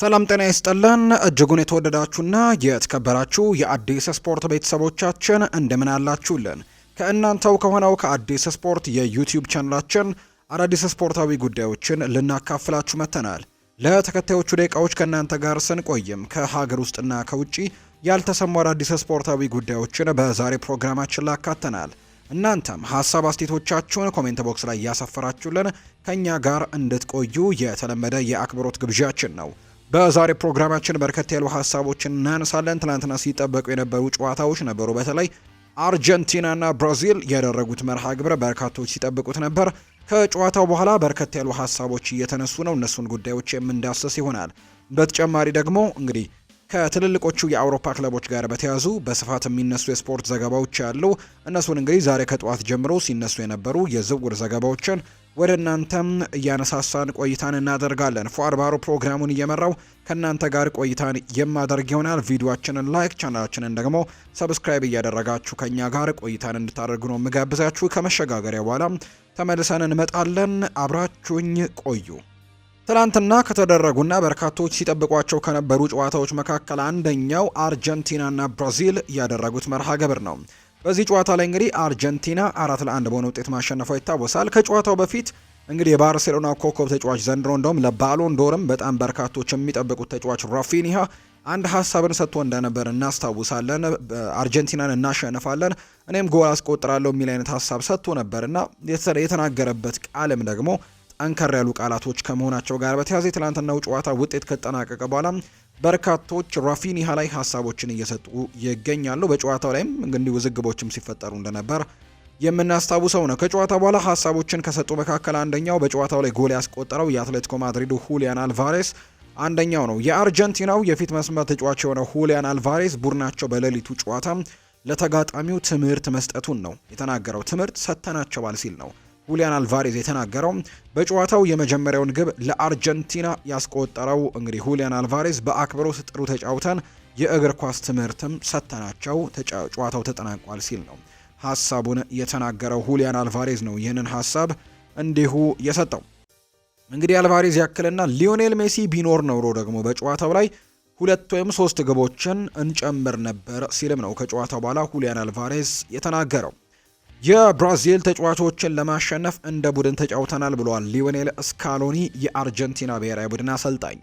ሰላም ጤና ይስጠልን እጅጉን የተወደዳችሁና የተከበራችሁ የአዲስ ስፖርት ቤተሰቦቻችን እንደምን አላችሁልን? ከእናንተው ከሆነው ከአዲስ ስፖርት የዩቲዩብ ቻናላችን አዳዲስ ስፖርታዊ ጉዳዮችን ልናካፍላችሁ መጥተናል። ለተከታዮቹ ደቂቃዎች ከእናንተ ጋር ስንቆይም ከሀገር ውስጥና ከውጭ ያልተሰሙ አዳዲስ ስፖርታዊ ጉዳዮችን በዛሬ ፕሮግራማችን ላካተናል። እናንተም ሀሳብ አስቴቶቻችሁን ኮሜንት ቦክስ ላይ እያሰፈራችሁልን ከእኛ ጋር እንድትቆዩ የተለመደ የአክብሮት ግብዣችን ነው። በዛሬ ፕሮግራማችን በርከት ያሉ ሀሳቦችን እናነሳለን። ትናንትና ሲጠበቁ የነበሩ ጨዋታዎች ነበሩ። በተለይ አርጀንቲናና ብራዚል ያደረጉት መርሃ ግብረ በርካቶች ሲጠብቁት ነበር። ከጨዋታው በኋላ በርከት ያሉ ሀሳቦች እየተነሱ ነው። እነሱን ጉዳዮች የምንዳሰስ ይሆናል። በተጨማሪ ደግሞ እንግዲህ ከትልልቆቹ የአውሮፓ ክለቦች ጋር በተያዙ በስፋት የሚነሱ የስፖርት ዘገባዎች አሉ። እነሱን እንግዲህ ዛሬ ከጠዋት ጀምሮ ሲነሱ የነበሩ የዝውውር ዘገባዎችን ወደ እናንተም እያነሳሳን ቆይታን እናደርጋለን። ፏርባሮ ፕሮግራሙን እየመራው ከእናንተ ጋር ቆይታን የማደርግ ይሆናል። ቪዲዮችንን ላይክ፣ ቻናላችንን ደግሞ ሰብስክራይብ እያደረጋችሁ ከእኛ ጋር ቆይታን እንድታደርጉ ነው የምጋብዛችሁ። ከመሸጋገሪያ በኋላ ተመልሰን እንመጣለን። አብራችሁኝ ቆዩ። ትላንትና ከተደረጉና በርካቶች ሲጠብቋቸው ከነበሩ ጨዋታዎች መካከል አንደኛው አርጀንቲናና ብራዚል ያደረጉት መርሃ ግብር ነው። በዚህ ጨዋታ ላይ እንግዲህ አርጀንቲና አራት ለአንድ በሆነ ውጤት ማሸነፏ ይታወሳል። ከጨዋታው በፊት እንግዲህ የባርሴሎና ኮከብ ተጫዋች ዘንድሮ እንደውም ለባሎን ዶርም በጣም በርካቶች የሚጠብቁት ተጫዋች ራፊኒሃ አንድ ሀሳብን ሰጥቶ እንደነበር እናስታውሳለን። አርጀንቲናን እናሸንፋለን፣ እኔም ጎል አስቆጥራለሁ የሚል አይነት ሀሳብ ሰጥቶ ነበርና የተናገረበት ቃልም ደግሞ ጠንከር ያሉ ቃላቶች ከመሆናቸው ጋር በተያያዘ የትላንትናው ጨዋታ ውጤት ከተጠናቀቀ በኋላ በርካቶች ራፊኒሃ ላይ ሀሳቦችን እየሰጡ ይገኛሉ። በጨዋታው ላይም እንግዲህ ውዝግቦችም ሲፈጠሩ እንደነበር የምናስታውሰው ነው። ከጨዋታ በኋላ ሀሳቦችን ከሰጡ መካከል አንደኛው በጨዋታው ላይ ጎል ያስቆጠረው የአትሌቲኮ ማድሪዱ ሁሊያን አልቫሬስ አንደኛው ነው። የአርጀንቲናው የፊት መስመር ተጫዋች የሆነው ሁሊያን አልቫሬስ ቡድናቸው በሌሊቱ ጨዋታ ለተጋጣሚው ትምህርት መስጠቱን ነው የተናገረው። ትምህርት ሰጥተናቸዋል ሲል ነው ሁሊያን አልቫሬዝ የተናገረው በጨዋታው የመጀመሪያውን ግብ ለአርጀንቲና ያስቆጠረው እንግዲህ ሁሊያን አልቫሬዝ በአክብሮት ጥሩ ተጫውተን የእግር ኳስ ትምህርትም ሰጥተናቸው ጨዋታው ተጠናቋል ሲል ነው ሀሳቡን የተናገረው። ሁሊያን አልቫሬዝ ነው ይህንን ሀሳብ እንዲሁ የሰጠው። እንግዲህ አልቫሬዝ ያክልና ሊዮኔል ሜሲ ቢኖር ኖሮ ደግሞ በጨዋታው ላይ ሁለት ወይም ሶስት ግቦችን እንጨምር ነበር ሲልም ነው ከጨዋታው በኋላ ሁሊያን አልቫሬዝ የተናገረው። የብራዚል ተጫዋቾችን ለማሸነፍ እንደ ቡድን ተጫውተናል ብሏል ሊዮኔል ስካሎኒ የአርጀንቲና ብሔራዊ ቡድን አሰልጣኝ።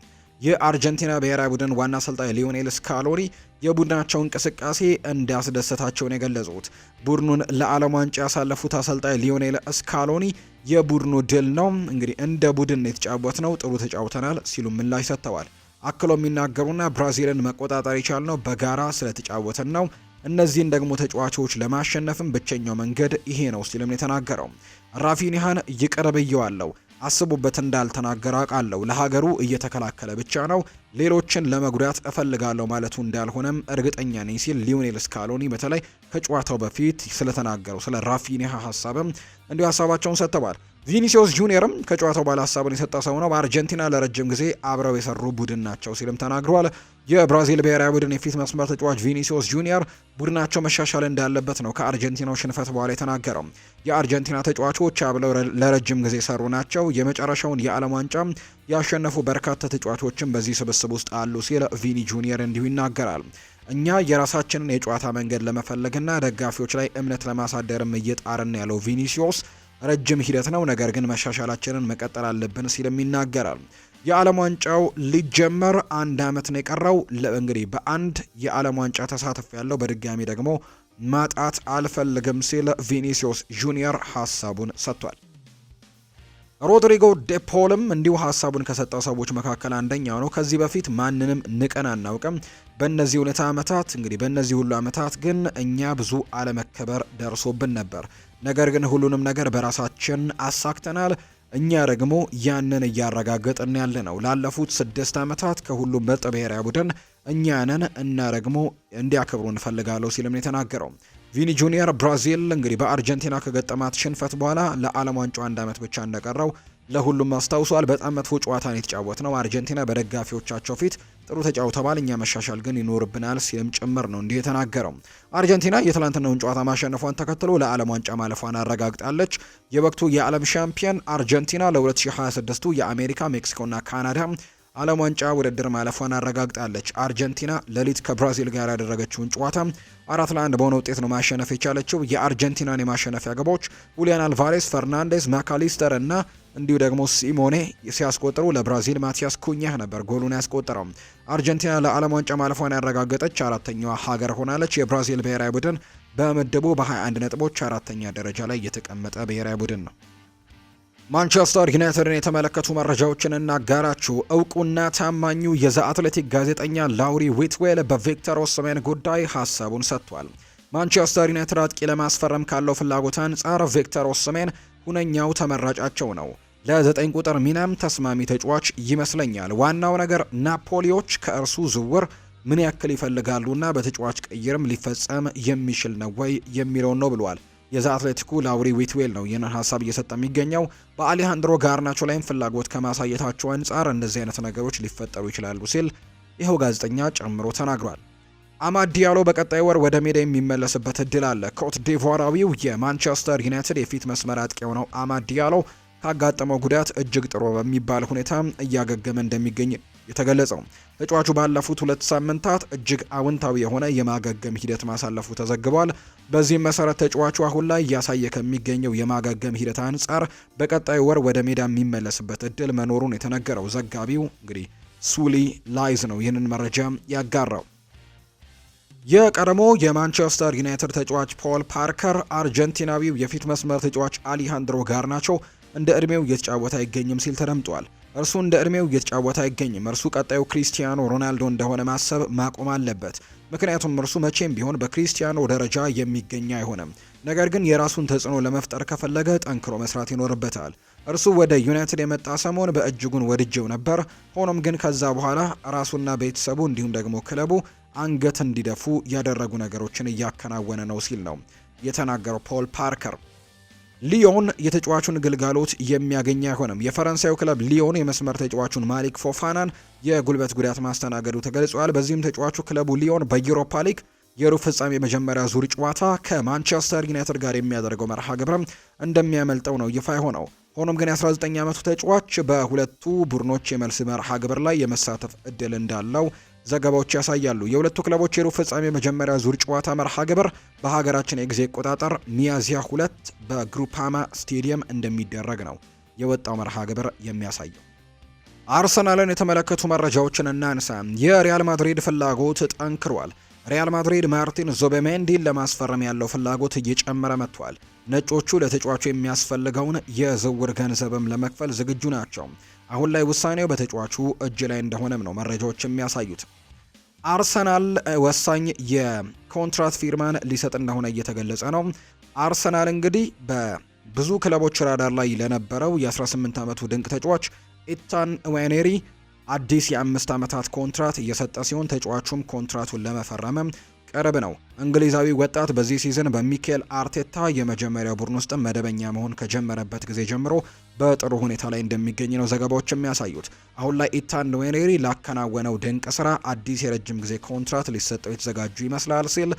የአርጀንቲና ብሔራዊ ቡድን ዋና አሰልጣኝ ሊዮኔል ስካሎኒ የቡድናቸው እንቅስቃሴ እንዳስደሰታቸውን የገለጹት ቡድኑን ለዓለም ዋንጫ ያሳለፉት አሰልጣኝ ሊዮኔል ስካሎኒ የቡድኑ ድል ነው እንግዲህ እንደ ቡድን የተጫወት ነው ጥሩ ተጫውተናል ሲሉ ምላሽ ሰጥተዋል። አክሎ የሚናገሩና ብራዚልን መቆጣጠር የቻልነው በጋራ ስለተጫወትን ነው እነዚህን ደግሞ ተጫዋቾች ለማሸነፍም ብቸኛው መንገድ ይሄ ነው ሲልም ነው የተናገረው። ራፊኒሃን ይቅር ብየዋለሁ፣ አስቡበት እንዳልተናገረ አውቃለሁ። ለሀገሩ እየተከላከለ ብቻ ነው፣ ሌሎችን ለመጉዳት እፈልጋለሁ ማለቱ እንዳልሆነም እርግጠኛ ነኝ ሲል ሊዮኔል ስካሎኒ በተለይ ከጨዋታው በፊት ስለተናገረው ስለ ራፊኒሃ ሀሳብም እንዲሁ ሀሳባቸውን ሰጥተዋል። ቪኒሲዮስ ጁኒየርም ከጨዋታው ባለ ሀሳቡን የሰጠ ሰው ነው። በአርጀንቲና ለረጅም ጊዜ አብረው የሰሩ ቡድን ናቸው ሲልም ተናግሯል። የብራዚል ብሔራዊ ቡድን የፊት መስመር ተጫዋች ቪኒሲዮስ ጁኒየር ቡድናቸው መሻሻል እንዳለበት ነው ከአርጀንቲናው ሽንፈት በኋላ የተናገረው። የአርጀንቲና ተጫዋቾች አብለው ለረጅም ጊዜ የሰሩ ናቸው። የመጨረሻውን የዓለም ዋንጫ ያሸነፉ በርካታ ተጫዋቾችም በዚህ ስብስብ ውስጥ አሉ ሲል ቪኒ ጁኒየር እንዲሁ ይናገራል። እኛ የራሳችንን የጨዋታ መንገድ ለመፈለግና ደጋፊዎች ላይ እምነት ለማሳደርም እየጣርን ያለው ቪኒሲዮስ ረጅም ሂደት ነው፣ ነገር ግን መሻሻላችንን መቀጠል አለብን ሲልም ይናገራል። የዓለም ዋንጫው ሊጀመር አንድ ዓመት ነው የቀረው። እንግዲህ በአንድ የዓለም ዋንጫ ተሳትፎ ያለው በድጋሚ ደግሞ ማጣት አልፈልግም ሲል ቪኒሲዮስ ጁኒየር ሀሳቡን ሰጥቷል። ሮድሪጎ ዴፖልም እንዲሁ ሀሳቡን ከሰጠው ሰዎች መካከል አንደኛው ነው። ከዚህ በፊት ማንንም ንቀን አናውቅም። በእነዚህ ሁኔታ ዓመታት እንግዲህ በእነዚህ ሁሉ ዓመታት ግን እኛ ብዙ አለመከበር ደርሶብን ነበር። ነገር ግን ሁሉንም ነገር በራሳችን አሳክተናል። እኛ ደግሞ ያንን እያረጋገጥን ያለ ነው። ላለፉት ስድስት ዓመታት ከሁሉም በልጥ ብሔራዊ ቡድን እኛንን እና ደግሞ እንዲያከብሩ እንፈልጋለሁ ሲልም የተናገረው ቪኒ ጁኒየር ብራዚል እንግዲህ በአርጀንቲና ከገጠማት ሽንፈት በኋላ ለዓለም ዋንጫው አንድ ዓመት ብቻ እንደቀረው ለሁሉም አስታውሷል። በጣም መጥፎ ጨዋታን የተጫወት ነው። አርጀንቲና በደጋፊዎቻቸው ፊት ጥሩ ተጫውተዋል። እኛ መሻሻል ግን ይኖርብናል ሲልም ጭምር ነው እንዲህ የተናገረው። አርጀንቲና የትላንትናውን ጨዋታ ማሸነፏን ተከትሎ ለዓለም ዋንጫ ማለፏን አረጋግጣለች። የወቅቱ የዓለም ሻምፒየን አርጀንቲና ለ2026ቱ የአሜሪካ ሜክሲኮና ካናዳ ዓለም ዋንጫ ውድድር ማለፏን አረጋግጣለች። አርጀንቲና ሌሊት ከብራዚል ጋር ያደረገችውን ጨዋታ አራት ለአንድ በሆነ ውጤት ነው ማሸነፍ የቻለችው። የአርጀንቲናን የማሸነፊያ ግቦች ሁሊያን አልቫሬስ፣ ፈርናንዴዝ፣ ማካሊስተር እና እንዲሁ ደግሞ ሲሞኔ ሲያስቆጥሩ ለብራዚል ማቲያስ ኩኛህ ነበር ጎሉን ያስቆጠረው። አርጀንቲና ለዓለም ዋንጫ ማለፏን ያረጋገጠች አራተኛዋ ሀገር ሆናለች። የብራዚል ብሔራዊ ቡድን በምድቡ በ21 ነጥቦች አራተኛ ደረጃ ላይ የተቀመጠ ብሔራዊ ቡድን ነው። ማንቸስተር ዩናይትድን የተመለከቱ መረጃዎችን እናጋራችሁ። እውቁና ታማኙ የዘ አትሌቲክ ጋዜጠኛ ላውሪ ዊትዌል በቪክተር ኦስሜን ጉዳይ ሀሳቡን ሰጥቷል። ማንቸስተር ዩናይትድ አጥቂ ለማስፈረም ካለው ፍላጎት አንጻር ቪክተር ኦስሜን ሁነኛው ተመራጫቸው ነው። ለዘጠኝ ቁጥር ሚናም ተስማሚ ተጫዋች ይመስለኛል። ዋናው ነገር ናፖሊዎች ከእርሱ ዝውውር ምን ያክል ይፈልጋሉና በተጫዋች ቅይርም ሊፈጸም የሚችል ነው ወይ የሚለውን ነው ብሏል። የዛ ላውሪ ዊትዌል ነው ይህንን ሀሳብ እየሰጠ የሚገኘው። በአሌሃንድሮ ጋርናቾ ላይም ፍላጎት ከማሳየታቸው አንጻር እንደዚህ አይነት ነገሮች ሊፈጠሩ ይችላሉ ሲል ይኸው ጋዜጠኛ ጨምሮ ተናግሯል። አማድ ዲያሎ በቀጣይ ወር ወደ ሜዳ የሚመለስበት እድል አለ። ኮት ዲቮራዊው የማንቸስተር ዩናይትድ የፊት መስመር አጥቂ የሆነው አማድ ዲያሎ ካጋጠመው ጉዳት እጅግ ጥሩ በሚባል ሁኔታ እያገገመ እንደሚገኝ የተገለጸው። ተጫዋቹ ባለፉት ሁለት ሳምንታት እጅግ አውንታዊ የሆነ የማገገም ሂደት ማሳለፉ ተዘግቧል። በዚህም መሰረት ተጫዋቹ አሁን ላይ እያሳየ ከሚገኘው የማገገም ሂደት አንጻር በቀጣዩ ወር ወደ ሜዳ የሚመለስበት እድል መኖሩን የተነገረው ዘጋቢው እንግዲህ ሱሊ ላይዝ ነው ይህንን መረጃ ያጋራው። የቀድሞ የማንቸስተር ዩናይትድ ተጫዋች ፖል ፓርከር አርጀንቲናዊው የፊት መስመር ተጫዋች አሊሃንድሮ ጋርናቾ እንደ ዕድሜው እየተጫወተ አይገኝም ሲል ተደምጧል። እርሱ እንደ እድሜው እየተጫወተ አይገኝም። እርሱ ቀጣዩ ክሪስቲያኖ ሮናልዶ እንደሆነ ማሰብ ማቆም አለበት። ምክንያቱም እርሱ መቼም ቢሆን በክሪስቲያኖ ደረጃ የሚገኝ አይሆንም። ነገር ግን የራሱን ተጽዕኖ ለመፍጠር ከፈለገ ጠንክሮ መስራት ይኖርበታል። እርሱ ወደ ዩናይትድ የመጣ ሰሞን በእጅጉን ወድጀው ነበር። ሆኖም ግን ከዛ በኋላ ራሱና ቤተሰቡ እንዲሁም ደግሞ ክለቡ አንገት እንዲደፉ ያደረጉ ነገሮችን እያከናወነ ነው ሲል ነው የተናገረው ፖል ፓርከር። ሊዮን የተጫዋቹን ግልጋሎት የሚያገኝ አይሆንም። የፈረንሳዩ ክለብ ሊዮን የመስመር ተጫዋቹን ማሊክ ፎፋናን የጉልበት ጉዳት ማስተናገዱ ተገልጿል። በዚህም ተጫዋቹ ክለቡ ሊዮን በዩሮፓ ሊግ የሩብ ፍጻሜ መጀመሪያ ዙር ጨዋታ ከማንቸስተር ዩናይትድ ጋር የሚያደርገው መርሃ ግብርም እንደሚያመልጠው ነው ይፋ የሆነው። ሆኖም ግን የ19 ዓመቱ ተጫዋች በሁለቱ ቡድኖች የመልስ መርሃ ግብር ላይ የመሳተፍ እድል እንዳለው ዘገባዎች ያሳያሉ። የሁለቱ ክለቦች የሩብ ፍጻሜ መጀመሪያ ዙር ጨዋታ መርሃ ግብር በሀገራችን የጊዜ አቆጣጠር ሚያዚያ ሁለት በግሩፓማ ስቴዲየም እንደሚደረግ ነው የወጣው መርሃ ግብር የሚያሳየው። አርሰናልን የተመለከቱ መረጃዎችን እናንሳ። የሪያል ማድሪድ ፍላጎት ጠንክሯል። ሪያል ማድሪድ ማርቲን ዙቢሜንዲን ለማስፈረም ያለው ፍላጎት እየጨመረ መጥቷል። ነጮቹ ለተጫዋቹ የሚያስፈልገውን የዝውውር ገንዘብም ለመክፈል ዝግጁ ናቸው። አሁን ላይ ውሳኔው በተጫዋቹ እጅ ላይ እንደሆነም ነው መረጃዎች የሚያሳዩት። አርሰናል ወሳኝ የኮንትራት ፊርማን ሊሰጥ እንደሆነ እየተገለጸ ነው። አርሰናል እንግዲህ በብዙ ክለቦች ራዳር ላይ ለነበረው የ18 ዓመቱ ድንቅ ተጫዋች ኢታን ዋኔሪ አዲስ የአምስት ዓመታት ኮንትራት እየሰጠ ሲሆን ተጫዋቹም ኮንትራቱን ለመፈረመም ቅርብ ነው። እንግሊዛዊ ወጣት በዚህ ሲዝን በሚኬል አርቴታ የመጀመሪያ ቡድን ውስጥ መደበኛ መሆን ከጀመረበት ጊዜ ጀምሮ በጥሩ ሁኔታ ላይ እንደሚገኝ ነው ዘገባዎች የሚያሳዩት። አሁን ላይ ኢታን ንዌኔሪ ላከናወነው ድንቅ ስራ አዲስ የረጅም ጊዜ ኮንትራት ሊሰጠው የተዘጋጁ ይመስላል ሲል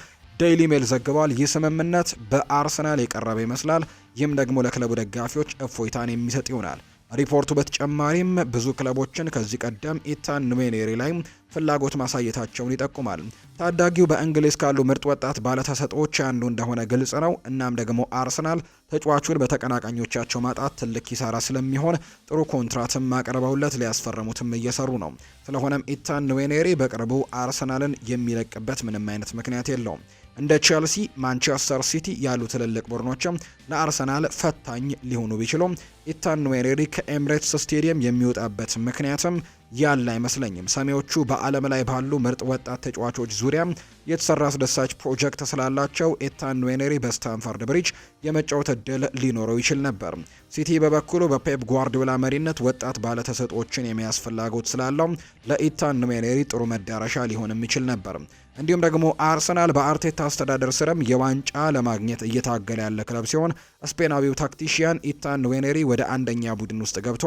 ዴይሊ ሜል ዘግቧል። ይህ ስምምነት በአርሰናል የቀረበ ይመስላል። ይህም ደግሞ ለክለቡ ደጋፊዎች እፎይታን የሚሰጥ ይሆናል። ሪፖርቱ በተጨማሪም ብዙ ክለቦችን ከዚህ ቀደም ኢታን ንዌኔሪ ላይ ፍላጎት ማሳየታቸውን ይጠቁማል። ታዳጊው በእንግሊዝ ካሉ ምርጥ ወጣት ባለተሰጥኦች አንዱ እንደሆነ ግልጽ ነው። እናም ደግሞ አርሰናል ተጫዋቹን በተቀናቃኞቻቸው ማጣት ትልቅ ኪሳራ ስለሚሆን ጥሩ ኮንትራትም ማቅረበውለት ሊያስፈረሙትም እየሰሩ ነው። ስለሆነም ኢታን ንዌኔሪ በቅርቡ አርሰናልን የሚለቅበት ምንም አይነት ምክንያት የለውም። እንደ ቼልሲ፣ ማንቸስተር ሲቲ ያሉ ትልልቅ ቡድኖችም ለአርሰናል ፈታኝ ሊሆኑ ቢችሉም ኢታን ንዌኔሪ ከኤምሬትስ ስቴዲየም የሚወጣበት ምክንያትም ያለ አይመስለኝም። ሰሜዎቹ በዓለም ላይ ባሉ ምርጥ ወጣት ተጫዋቾች ዙሪያ የተሰራ አስደሳች ፕሮጀክት ስላላቸው ኤታን ዌኔሪ በስታንፈርድ ብሪጅ የመጫወት እድል ሊኖረው ይችል ነበር። ሲቲ በበኩሉ በፔፕ ጓርዲዮላ መሪነት ወጣት ባለተሰጦችን የሚያስፈላጎት ስላለው ለኢታን ዌኔሪ ጥሩ መዳረሻ ሊሆንም ይችል ነበር። እንዲሁም ደግሞ አርሰናል በአርቴታ አስተዳደር ስርም የዋንጫ ለማግኘት እየታገለ ያለ ክለብ ሲሆን ስፔናዊው ታክቲሽያን ኢታን ዌኔሪ ወደ አንደኛ ቡድን ውስጥ ገብቶ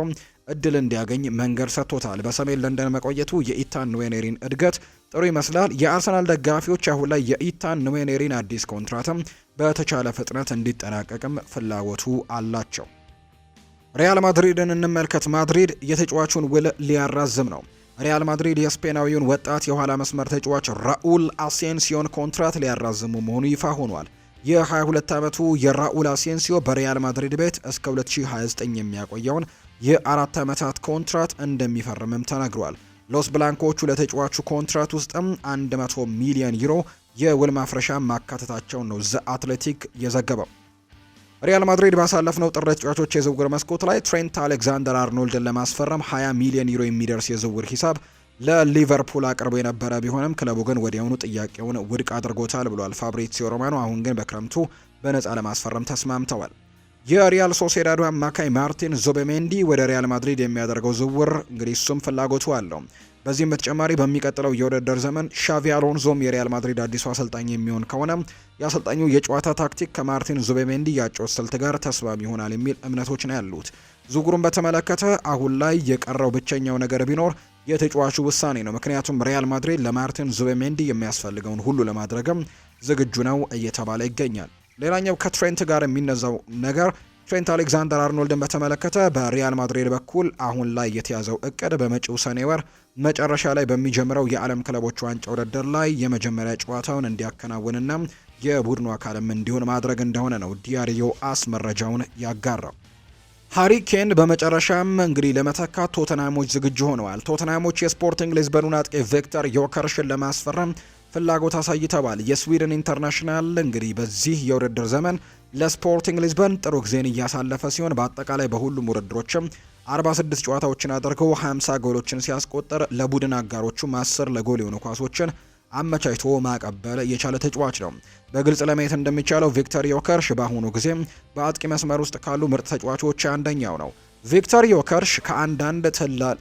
እድል እንዲያገኝ መንገድ ሰጥቶታል። በሰሜን ለንደን መቆየቱ የኢታን ዌኔሪን እድገት ጥሩ ይመስላል። የአርሰናል ደጋፊዎች አሁን ላይ የኢታን ዌኔሪን አዲስ ኮንትራትም በተቻለ ፍጥነት እንዲጠናቀቅም ፍላጎቱ አላቸው። ሪያል ማድሪድን እንመልከት። ማድሪድ የተጫዋቹን ውል ሊያራዝም ነው። ሪያል ማድሪድ የስፔናዊውን ወጣት የኋላ መስመር ተጫዋች ራኡል አሴንሲዮን ኮንትራት ሊያራዝሙ መሆኑ ይፋ ሆኗል። የ22 ዓመቱ የራኡል አሴንሲዮ በሪያል ማድሪድ ቤት እስከ 2029 የሚያቆየውን የአራት ዓመታት ኮንትራት እንደሚፈርምም ተናግሯል። ሎስ ብላንኮቹ ለተጫዋቹ ኮንትራት ውስጥም 100 ሚሊዮን ዩሮ የውል ማፍረሻ ማካተታቸውን ነው ዘ አትሌቲክ የዘገበው። ሪያል ማድሪድ ባሳለፍነው ጥር ተጫዋቾች የዝውውር መስኮት ላይ ትሬንት አሌክዛንደር አርኖልድን ለማስፈረም 20 ሚሊዮን ዩሮ የሚደርስ የዝውውር ሂሳብ ለሊቨርፑል አቅርቦ የነበረ ቢሆንም ክለቡ ግን ወዲያውኑ ጥያቄውን ውድቅ አድርጎታል ብሏል ፋብሪዚዮ ሮማኖ። አሁን ግን በክረምቱ በነፃ ለማስፈረም ተስማምተዋል። የሪያል ሶሴዳዱ አማካይ ማርቲን ዙቤሜንዲ ወደ ሪያል ማድሪድ የሚያደርገው ዝውውር እንግዲህ እሱም ፍላጎቱ አለው። በዚህም በተጨማሪ በሚቀጥለው የውድድር ዘመን ሻቪ አሎንዞም የሪያል ማድሪድ አዲሱ አሰልጣኝ የሚሆን ከሆነ የአሰልጣኙ የጨዋታ ታክቲክ ከማርቲን ዙቤሜንዲ ያጮት ስልት ጋር ተስማሚ ይሆናል የሚል እምነቶች ነው ያሉት። ዝውውሩን በተመለከተ አሁን ላይ የቀረው ብቸኛው ነገር ቢኖር የተጫዋቹ ውሳኔ ነው። ምክንያቱም ሪያል ማድሪድ ለማርቲን ዙቤሜንዲ የሚያስፈልገውን ሁሉ ለማድረግም ዝግጁ ነው እየተባለ ይገኛል። ሌላኛው ከትሬንት ጋር የሚነዛው ነገር ትሬንት አሌክዛንደር አርኖልድን በተመለከተ በሪያል ማድሪድ በኩል አሁን ላይ የተያዘው እቅድ በመጪው ሰኔ ወር መጨረሻ ላይ በሚጀምረው የዓለም ክለቦች ዋንጫ ውድድር ላይ የመጀመሪያ ጨዋታውን እንዲያከናውንና የቡድኑ አካልም እንዲሆን ማድረግ እንደሆነ ነው ዲያሪዮ አስ መረጃውን ያጋራው። ሃሪ ኬን በመጨረሻም እንግዲህ ለመተካት ቶተናሞች ዝግጁ ሆነዋል። ቶተናሞች የስፖርቲንግ ሊዝበኑን አጥቂ ቪክተር ዮከርሽን ለማስፈረም ፍላጎት አሳይተዋል። የስዊድን ኢንተርናሽናል እንግዲህ በዚህ የውድድር ዘመን ለስፖርቲንግ ሊዝበን ጥሩ ጊዜን እያሳለፈ ሲሆን በአጠቃላይ በሁሉም ውድድሮችም 46 ጨዋታዎችን አድርጎ 50 ጎሎችን ሲያስቆጠር ለቡድን አጋሮቹ አስር ለጎል የሆኑ ኳሶችን አመቻችቶ ማቀበል የቻለ ተጫዋች ነው። በግልጽ ለማየት እንደሚቻለው ቪክተር ዮከርሽ በአሁኑ ጊዜ በአጥቂ መስመር ውስጥ ካሉ ምርጥ ተጫዋቾች አንደኛው ነው። ቪክተር ዮከርሽ ከአንዳንድ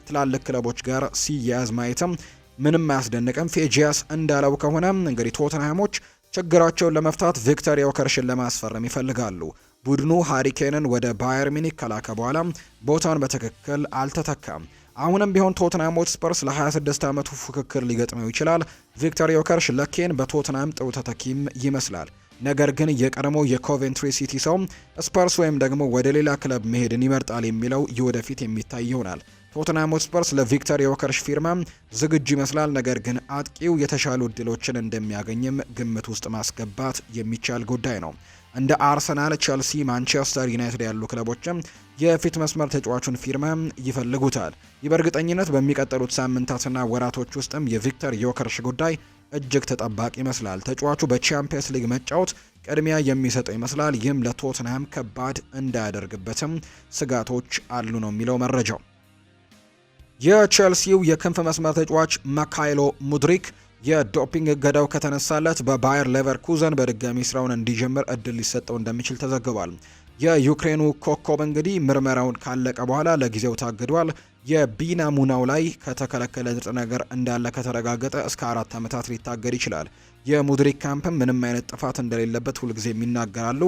ትላልቅ ክለቦች ጋር ሲያያዝ ማየትም ምንም አያስደንቅም። ፌጂያስ እንዳለው ከሆነ እንግዲህ ቶትንሃሞች ችግራቸውን ለመፍታት ቪክተር ዮከርሽን ለማስፈረም ይፈልጋሉ። ቡድኑ ሃሪኬንን ወደ ባየር ሚኒክ ከላከ በኋላ ቦታን በትክክል አልተተካም። አሁንም ቢሆን ቶትናም ሆትስፐርስ ለ26 ዓመቱ ፉክክር ሊገጥመው ይችላል። ቪክተር ዮከርሽ ለኬን በቶትናም ጥሩ ተተኪም ይመስላል። ነገር ግን የቀድሞ የኮቬንትሪ ሲቲ ሰው ስፐርስ ወይም ደግሞ ወደ ሌላ ክለብ መሄድን ይመርጣል የሚለው የወደፊት የሚታይ ይሆናል። ቶትናም ሆትስፐርስ ለቪክተር የወከርሽ ፊርማ ዝግጁ ይመስላል። ነገር ግን አጥቂው የተሻሉ እድሎችን እንደሚያገኝም ግምት ውስጥ ማስገባት የሚቻል ጉዳይ ነው። እንደ አርሰናል፣ ቸልሲ፣ ማንቸስተር ዩናይትድ ያሉ ክለቦችም የፊት መስመር ተጫዋቹን ፊርማ ይፈልጉታል። ይህ በእርግጠኝነት በሚቀጥሉት ሳምንታትና ወራቶች ውስጥም የቪክተር ዮከርሽ ጉዳይ እጅግ ተጠባቂ ይመስላል። ተጫዋቹ በቻምፒየንስ ሊግ መጫወት ቅድሚያ የሚሰጠው ይመስላል። ይህም ለቶትንሃም ከባድ እንዳያደርግበትም ስጋቶች አሉ ነው የሚለው መረጃው። የቼልሲው የክንፍ መስመር ተጫዋች ማካይሎ ሙድሪክ የዶፒንግ እገዳው ከተነሳለት በባየር ሌቨርኩዘን በድጋሚ ስራውን እንዲጀምር እድል ሊሰጠው እንደሚችል ተዘግቧል። የዩክሬኑ ኮከብ እንግዲህ ምርመራውን ካለቀ በኋላ ለጊዜው ታግዷል። የቢና ሙናው ላይ ከተከለከለ ንጥረ ነገር እንዳለ ከተረጋገጠ እስከ አራት ዓመታት ሊታገድ ይችላል። የሙድሪክ ካምፕም ምንም አይነት ጥፋት እንደሌለበት ሁልጊዜም ይናገራሉ።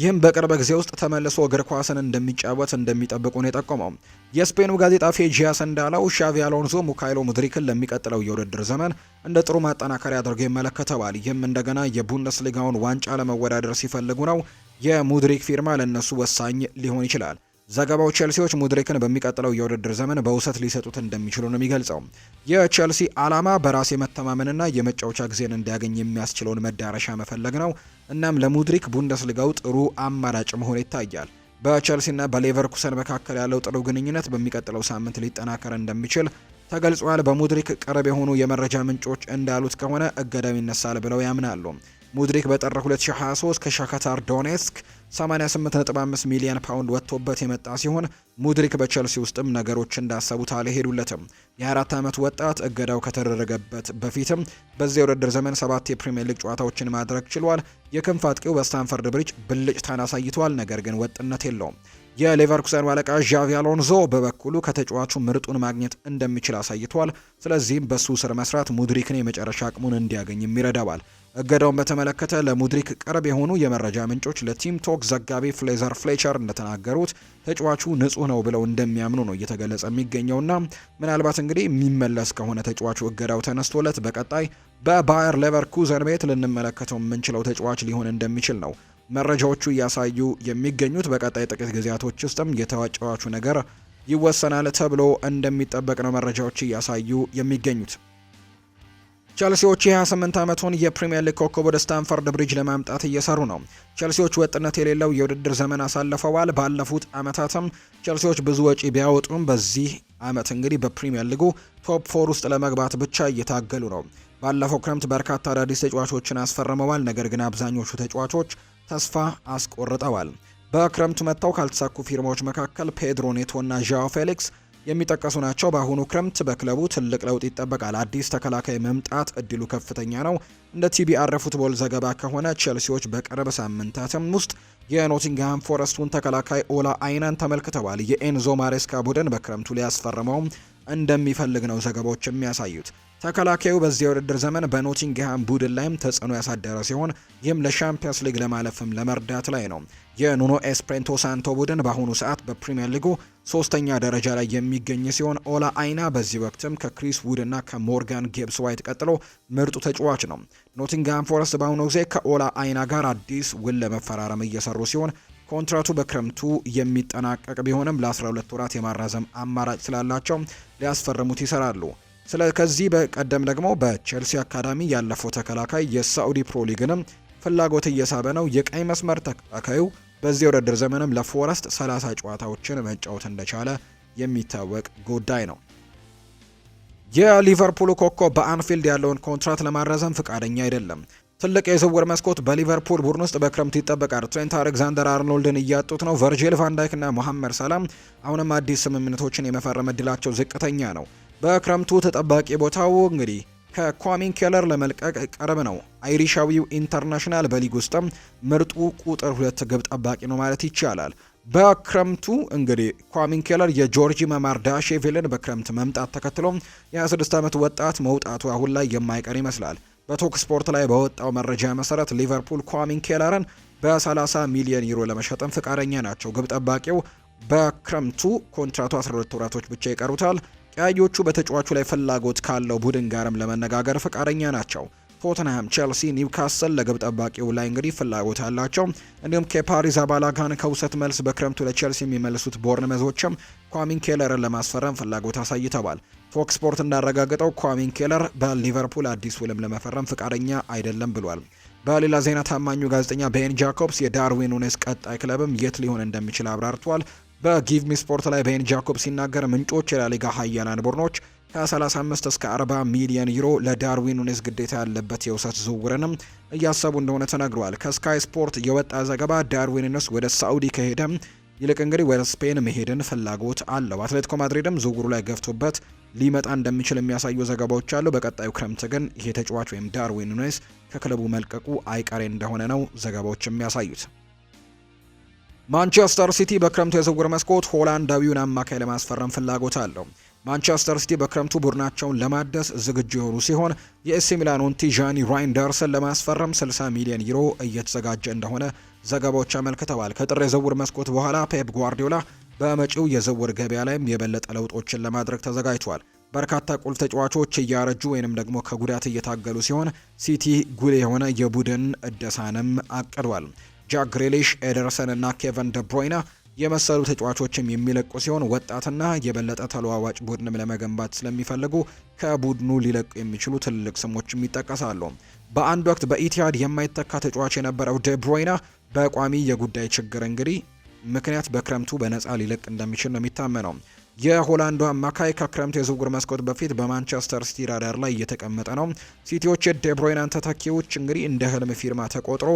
ይህም በቅርብ ጊዜ ውስጥ ተመልሶ እግር ኳስን እንደሚጫወት እንደሚጠብቁ ነው የጠቆመው። የስፔኑ ጋዜጣ ፌጂያስ እንዳለው ሻቪ አሎንዞ ሙካይሎ ሙድሪክን ለሚቀጥለው የውድድር ዘመን እንደ ጥሩ ማጠናከሪያ አድርገው ይመለከተዋል። ይህም እንደገና የቡንደስሊጋውን ዋንጫ ለመወዳደር ሲፈልጉ ነው። የሙድሪክ ፊርማ ለእነሱ ወሳኝ ሊሆን ይችላል። ዘገባው ቼልሲዎች ሙድሪክን በሚቀጥለው የውድድር ዘመን በውሰት ሊሰጡት እንደሚችሉ ነው የሚገልጸው። የቼልሲ ዓላማ በራስ የመተማመንና የመጫወቻ ጊዜን እንዲያገኝ የሚያስችለውን መዳረሻ መፈለግ ነው። እናም ለሙድሪክ ቡንደስሊጋው ጥሩ አማራጭ መሆን ይታያል። በቼልሲና በሌቨርኩሰን መካከል ያለው ጥሩ ግንኙነት በሚቀጥለው ሳምንት ሊጠናከር እንደሚችል ተገልጿል። በሙድሪክ ቅርብ የሆኑ የመረጃ ምንጮች እንዳሉት ከሆነ እገዳው ይነሳል ብለው ያምናሉ። ሙድሪክ በጠረ 2023 ከሻካታር ዶኔስክ 88.5 ሚሊዮን ፓውንድ ወጥቶበት የመጣ ሲሆን ሙድሪክ በቸልሲ ውስጥም ነገሮች እንዳሰቡት አልሄዱለትም። የ24 ዓመት ወጣት እገዳው ከተደረገበት በፊትም በዚህ የውድድር ዘመን ሰባት የፕሪምየር ሊግ ጨዋታዎችን ማድረግ ችሏል። የክንፍ አጥቂው በስታንፈርድ ብሪጅ ብልጭታን አሳይቷል፣ ነገር ግን ወጥነት የለውም። የሌቨርኩሰን ባለቃ ዣቪ አሎንዞ በበኩሉ ከተጫዋቹ ምርጡን ማግኘት እንደሚችል አሳይቷል። ስለዚህም በሱ ስር መስራት ሙድሪክን የመጨረሻ አቅሙን እንዲያገኝም ይረዳዋል። እገዳውን በተመለከተ ለሙድሪክ ቅርብ የሆኑ የመረጃ ምንጮች ለቲም ቶክ ዘጋቢ ፍሌዘር ፍሌቸር እንደተናገሩት ተጫዋቹ ንጹህ ነው ብለው እንደሚያምኑ ነው እየተገለጸ የሚገኘውና ምናልባት እንግዲህ የሚመለስ ከሆነ ተጫዋቹ እገዳው ተነስቶለት በቀጣይ በባየር ሌቨርኩዘን ቤት ልንመለከተው የምንችለው ተጫዋች ሊሆን እንደሚችል ነው መረጃዎቹ እያሳዩ የሚገኙት። በቀጣይ ጥቂት ጊዜያቶች ውስጥም የተጫዋቹ ነገር ይወሰናል ተብሎ እንደሚጠበቅ ነው መረጃዎች እያሳዩ የሚገኙት። ቸልሲዎች የ28 ዓመቱን የፕሪምየር ሊግ ኮከብ ወደ ስታንፈርድ ብሪጅ ለማምጣት እየሰሩ ነው። ቸልሲዎች ወጥነት የሌለው የውድድር ዘመን አሳልፈዋል። ባለፉት ዓመታትም ቸልሲዎች ብዙ ወጪ ቢያወጡም በዚህ ዓመት እንግዲህ በፕሪምየር ሊጉ ቶፕ ፎር ውስጥ ለመግባት ብቻ እየታገሉ ነው። ባለፈው ክረምት በርካታ አዳዲስ ተጫዋቾችን አስፈርመዋል። ነገር ግን አብዛኞቹ ተጫዋቾች ተስፋ አስቆርጠዋል። በክረምቱ መጥተው ካልተሳኩ ፊርማዎች መካከል ፔድሮ እና ዣኦ ፌሊክስ የሚጠቀሱ ናቸው። በአሁኑ ክረምት በክለቡ ትልቅ ለውጥ ይጠበቃል። አዲስ ተከላካይ መምጣት እድሉ ከፍተኛ ነው። እንደ ቲቢአር ፉትቦል ዘገባ ከሆነ ቼልሲዎች በቅርብ ሳምንታትም ውስጥ የኖቲንግሃም ፎረስቱን ተከላካይ ኦላ አይናን ተመልክተዋል። የኤንዞ ማሬስካ ቡድን በክረምቱ ሊያስፈርመውም እንደሚፈልግ ነው ዘገባዎች የሚያሳዩት። ተከላካዩ በዚህ የውድድር ዘመን በኖቲንግሃም ቡድን ላይም ተጽዕኖ ያሳደረ ሲሆን ይህም ለሻምፒየንስ ሊግ ለማለፍም ለመርዳት ላይ ነው። የኑኖ ኤስፕሬንቶ ሳንቶ ቡድን በአሁኑ ሰዓት በፕሪምየር ሊጉ ሶስተኛ ደረጃ ላይ የሚገኝ ሲሆን ኦላ አይና በዚህ ወቅትም ከክሪስ ውድ ከሞርጋን ጌብስ ዋይት ቀጥሎ ምርጡ ተጫዋች ነው። ኖቲንግሃም ፎረስት በአሁኑ ጊዜ ከኦላ አይና ጋር አዲስ ውል ለመፈራረም እየሰሩ ሲሆን ኮንትራቱ በክረምቱ የሚጠናቀቅ ቢሆንም ለ12 ወራት የማራዘም አማራጭ ስላላቸው ሊያስፈርሙት ይሰራሉ። ስለ ከዚህ በቀደም ደግሞ በቼልሲ አካዳሚ ያለፈው ተከላካይ የሳዑዲ ፕሮሊግንም ፍላጎት እየሳበ ነው። የቀይ መስመር ተከላካዩ በዚህ ውድድር ዘመንም ለፎረስት 30 ጨዋታዎችን መጫወት እንደቻለ የሚታወቅ ጉዳይ ነው። የሊቨርፑል ኮከብ በአንፊልድ ያለውን ኮንትራት ለማራዘም ፍቃደኛ አይደለም። ትልቅ የዝውውር መስኮት በሊቨርፑል ቡድን ውስጥ በክረምት ይጠበቃል። ትሬንት አሌክዛንደር አርኖልድን እያጡት ነው። ቨርጂል ቫንዳይክና ሞሐመድ ሰላም አሁንም አዲስ ስምምነቶችን የመፈረም እድላቸው ዝቅተኛ ነው። በክረምቱ ተጠባቂ ቦታው እንግዲህ ከኳሚን ኬለር ለመልቀቅ ቀረብ ነው። አይሪሻዊው ኢንተርናሽናል በሊግ ውስጥም ምርጡ ቁጥር ሁለት ግብ ጠባቂ ነው ማለት ይቻላል። በክረምቱ እንግዲህ ኳሚን ኬለር የጆርጂ ዳሼቪልን በክረምት መምጣት ተከትሎ የ26 ዓመት ወጣት መውጣቱ አሁን ላይ የማይቀር ይመስላል። በቶክ ስፖርት ላይ በወጣው መረጃ መሰረት ሊቨርፑል ኳሚን ኬለርን በ30 ሚሊዮን ዩሮ ለመሸጥም ፍቃደኛ ናቸው። ግብ ጠባቂው በክረምቱ ኮንትራቱ 12 ወራቶች ብቻ ይቀሩታል። ቀያዮቹ በተጫዋቹ ላይ ፍላጎት ካለው ቡድን ጋርም ለመነጋገር ፍቃደኛ ናቸው። ቶተንሃም፣ ቼልሲ፣ ኒውካስል ለግብ ጠባቂው ላይ እንግዲህ ፍላጎት አላቸው። እንዲሁም ከፓሪዝ አባላጋን ከውሰት መልስ በክረምቱ ለቼልሲ የሚመልሱት ቦርንመዞችም ኳሚን ኬለርን ለማስፈረም ፍላጎት አሳይተዋል። ፎክስ ስፖርት እንዳረጋገጠው ኳሚን ኬለር በሊቨርፑል አዲስ ውልም ለመፈረም ፍቃደኛ አይደለም ብሏል። በሌላ ዜና ታማኙ ጋዜጠኛ ቤን ጃኮብስ የዳርዊን ኑኔስ ቀጣይ ክለብም የት ሊሆን እንደሚችል አብራርቷል። ሚ ስፖርት ላይ ቤን ጃኮብስ ሲናገር ምንጮች የላሊጋ ሀያላን ቡድኖች ከ35 እስከ 40 ሚሊዮን ዩሮ ለዳርዊን ኑኔስ ግዴታ ያለበት የውሰት ዝውውርንም እያሰቡ እንደሆነ ተነግሯል። ከስካይ ስፖርት የወጣ ዘገባ ዳርዊን ኑኔዝ ወደ ሳዑዲ ከሄደም ይልቅ እንግዲህ ወደ ስፔን መሄድን ፍላጎት አለው። አትሌቲኮ ማድሪድም ዝውውሩ ላይ ገፍቶበት ሊመጣ እንደሚችል የሚያሳዩ ዘገባዎች አሉ። በቀጣዩ ክረምት ግን ይሄ ተጫዋች ወይም ዳርዊን ኑኔስ ከክለቡ መልቀቁ አይቀሬ እንደሆነ ነው ዘገባዎች የሚያሳዩት። ማንቸስተር ሲቲ በክረምቱ የዝውውር መስኮት ሆላንዳዊውን አማካይ ለማስፈረም ፍላጎት አለው። ማንቸስተር ሲቲ በክረምቱ ቡድናቸውን ለማደስ ዝግጁ የሆኑ ሲሆን የኤሲ ሚላኑን ቲዣኒ ራይንደርስን ለማስፈረም 60 ሚሊዮን ዩሮ እየተዘጋጀ እንደሆነ ዘገባዎች አመልክተዋል። ከጥር የዝውውር መስኮት በኋላ ፔፕ ጓርዲዮላ በመጪው የዝውውር ገበያ ላይም የበለጠ ለውጦችን ለማድረግ ተዘጋጅቷል። በርካታ ቁልፍ ተጫዋቾች እያረጁ ወይንም ደግሞ ከጉዳት እየታገሉ ሲሆን ሲቲ ጉል የሆነ የቡድን እደሳንም አቅዷል። ጃክ ግሬሊሽ፣ ኤደርሰን እና ኬቨን ደብሮይና የመሰሉ ተጫዋቾችም የሚለቁ ሲሆን ወጣትና የበለጠ ተለዋዋጭ ቡድንም ለመገንባት ስለሚፈልጉ ከቡድኑ ሊለቁ የሚችሉ ትልልቅ ስሞችም ይጠቀሳሉ። በአንድ ወቅት በኢቲያድ የማይተካ ተጫዋች የነበረው ደብሮይና በቋሚ የጉዳይ ችግር እንግዲህ ምክንያት በክረምቱ በነፃ ሊለቅ እንደሚችል ነው የሚታመነው። የሆላንዱ አማካይ ከክረምቱ የዝውውር መስኮት በፊት በማንቸስተር ሲቲ ራዳር ላይ እየተቀመጠ ነው። ሲቲዎች የዴብሮይናን ተተኪዎች እንግዲህ እንደ ህልም ፊርማ ተቆጥሮ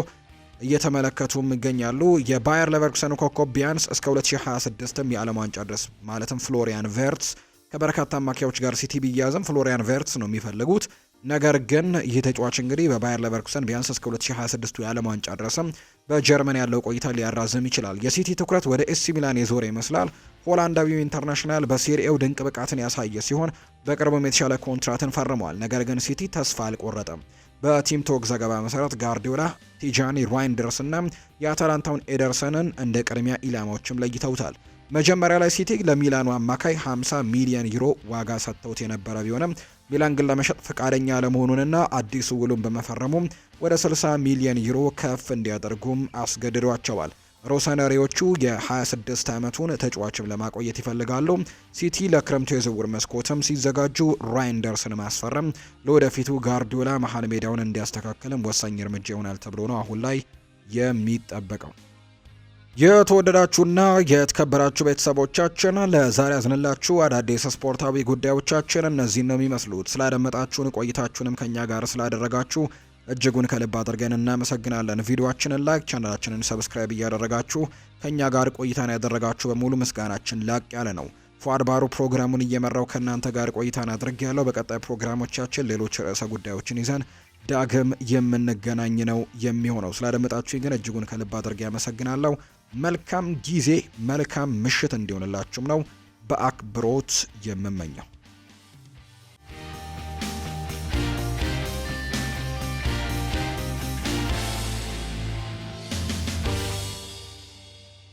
እየተመለከቱም ይገኛሉ። የባየር ለቨርኩሰኑ ኮከብ ቢያንስ እስከ 2026ም የዓለም ዋንጫ ድረስ ማለትም ፍሎሪያን ቨርትስ ከበርካታ አማካዮች ጋር ሲቲ ቢያዝም ፍሎሪያን ቨርትስ ነው የሚፈልጉት። ነገር ግን ይህ ተጫዋች እንግዲህ በባየር ለቨርኩሰን ቢያንስ እስከ 2026 የዓለም ዋንጫ ድረስም በጀርመን ያለው ቆይታ ሊያራዝም ይችላል። የሲቲ ትኩረት ወደ ኤሲ ሚላን የዞረ ይመስላል። ሆላንዳዊው ኢንተርናሽናል በሴሪኤው ድንቅ ብቃትን ያሳየ ሲሆን በቅርቡም የተሻለ ኮንትራትን ፈርመዋል። ነገር ግን ሲቲ ተስፋ አልቆረጠም። በቲም ቶክ ዘገባ መሰረት ጋርዲዮላ ቲጃኒ ራይንደርስ እና የአታላንታውን ኤደርሰንን እንደ ቅድሚያ ኢላማዎችም ለይተውታል። መጀመሪያ ላይ ሲቲ ለሚላኑ አማካይ 50 ሚሊዮን ዩሮ ዋጋ ሰጥተውት የነበረ ቢሆንም ሚላን ግን ለመሸጥ ፈቃደኛ ለመሆኑንና አዲስ ውሉን በመፈረሙ ወደ 60 ሚሊዮን ዩሮ ከፍ እንዲያደርጉም አስገድዷቸዋል። ሮሰነሪዎቹ የ26 ዓመቱን ተጫዋችም ለማቆየት ይፈልጋሉ። ሲቲ ለክረምቱ የዝውውር መስኮትም ሲዘጋጁ ራይንደርስን ማስፈረም ለወደፊቱ ጋርዲዮላ መሀል ሜዳውን እንዲያስተካክልም ወሳኝ እርምጃ ይሆናል ተብሎ ነው አሁን ላይ የሚጠበቀው። የተወደዳችሁና የተከበራችሁ ቤተሰቦቻችን ለዛሬ ያዝንላችሁ አዳዲስ ስፖርታዊ ጉዳዮቻችን እነዚህን ነው የሚመስሉት። ስላደመጣችሁን ቆይታችሁንም ከእኛ ጋር ስላደረጋችሁ እጅጉን ከልብ አድርገን እናመሰግናለን። ቪዲዮችንን ላይክ፣ ቻናላችንን ሰብስክራይብ እያደረጋችሁ ከእኛ ጋር ቆይታን ያደረጋችሁ በሙሉ ምስጋናችን ላቅ ያለ ነው። ፏድ ባሩ ፕሮግራሙን እየመራው ከእናንተ ጋር ቆይታን አድርግ ያለው። በቀጣይ ፕሮግራሞቻችን ሌሎች ርዕሰ ጉዳዮችን ይዘን ዳግም የምንገናኝ ነው የሚሆነው። ስላደመጣችሁኝ ግን እጅጉን ከልብ አድርጌ ያመሰግናለሁ። መልካም ጊዜ መልካም ምሽት እንዲሆንላችሁም ነው በአክብሮት የምመኘው።